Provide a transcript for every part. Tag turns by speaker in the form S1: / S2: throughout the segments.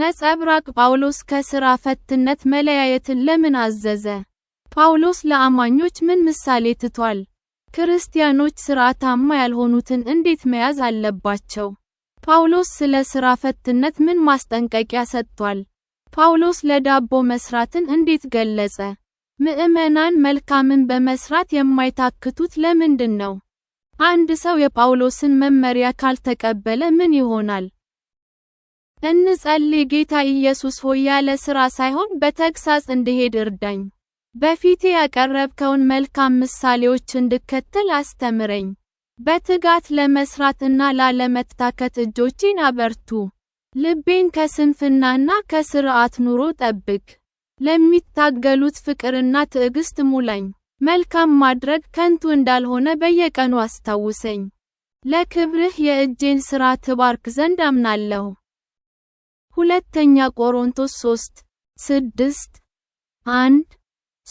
S1: ነጸብራቅ ጳውሎስ ከሥራ ፈትነት መለያየትን ለምን አዘዘ? ጳውሎስ ለአማኞች ምን ምሳሌ ትቷል? ክርስቲያኖች ሥርዓታማ ያልሆኑትን እንዴት መያዝ አለባቸው? ጳውሎስ ስለ ሥራ ፈትነት ምን ማስጠንቀቂያ ሰጥቷል? ጳውሎስ ለዳቦ መሥራትን እንዴት ገለጸ? ምዕመናን መልካምን በመሥራት የማይታክቱት ለምንድን ነው? አንድ ሰው የጳውሎስን መመሪያ ካልተቀበለ ምን ይሆናል? እንጸልይ። ጌታ ኢየሱስ ሆይ ያለ ሥራ ሳይሆን በተግሣጽ እንድሄድ እርዳኝ። በፊቴ ያቀረብከውን መልካም ምሳሌዎች እንድከተል አስተምረኝ። በትጋት ለመሥራት ላለመታከት እጆቼን አበርቱ። ልቤን ከስንፍናና ከሥርዓት ኑሮ ጠብቅ። ለሚታገሉት ፍቅርና ትዕግሥት ሙላኝ። መልካም ማድረግ ከንቱ እንዳልሆነ በየቀኑ አስታውሰኝ። ለክብርህ የእጄን ሥራ ትባርክ ዘንድ አምናለሁ። ሁለተኛ ቆሮንቶስ 3 6 1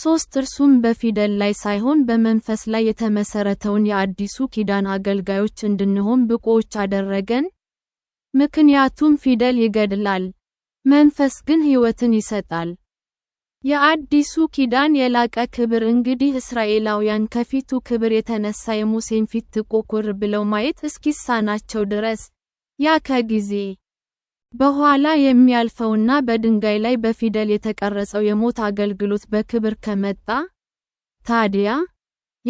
S1: 3 እርሱም በፊደል ላይ ሳይሆን በመንፈስ ላይ የተመሰረተውን የአዲሱ ኪዳን አገልጋዮች እንድንሆን ብቁዎች አደረገን። ምክንያቱም ፊደል ይገድላል፣ መንፈስ ግን ሕይወትን ይሰጣል። የአዲሱ ኪዳን የላቀ ክብር እንግዲህ እስራኤላውያን ከፊቱ ክብር የተነሳ የሙሴን ፊት ትቆቁር ብለው ማየት እስኪሳናቸው ድረስ ያከ ጊዜ በኋላ የሚያልፈውና በድንጋይ ላይ በፊደል የተቀረጸው የሞት አገልግሎት በክብር ከመጣ፣ ታዲያ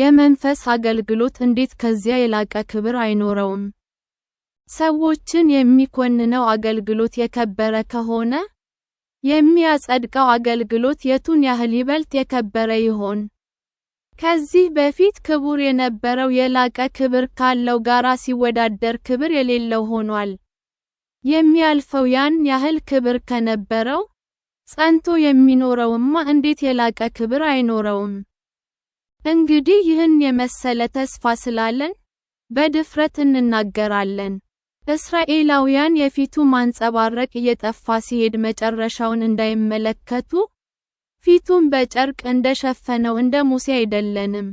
S1: የመንፈስ አገልግሎት እንዴት ከዚያ የላቀ ክብር አይኖረውም? ሰዎችን የሚኮንነው አገልግሎት የከበረ ከሆነ፣ የሚያጸድቀው አገልግሎት የቱን ያህል ይበልጥ የከበረ ይሆን? ከዚህ በፊት ክቡር የነበረው የላቀ ክብር ካለው ጋራ ሲወዳደር ክብር የሌለው ሆኗል። የሚያልፈው ያን ያህል ክብር ከነበረው፣ ጸንቶ የሚኖረውማ እንዴት የላቀ ክብር አይኖረውም? እንግዲህ ይህን የመሰለ ተስፋ ስላለን፣ በድፍረት እንናገራለን። እስራኤላውያን የፊቱ ማንጸባረቅ እየጠፋ ሲሄድ መጨረሻውን እንዳይመለከቱ፣ ፊቱን በጨርቅ እንደሸፈነው እንደ ሙሴ አይደለንም።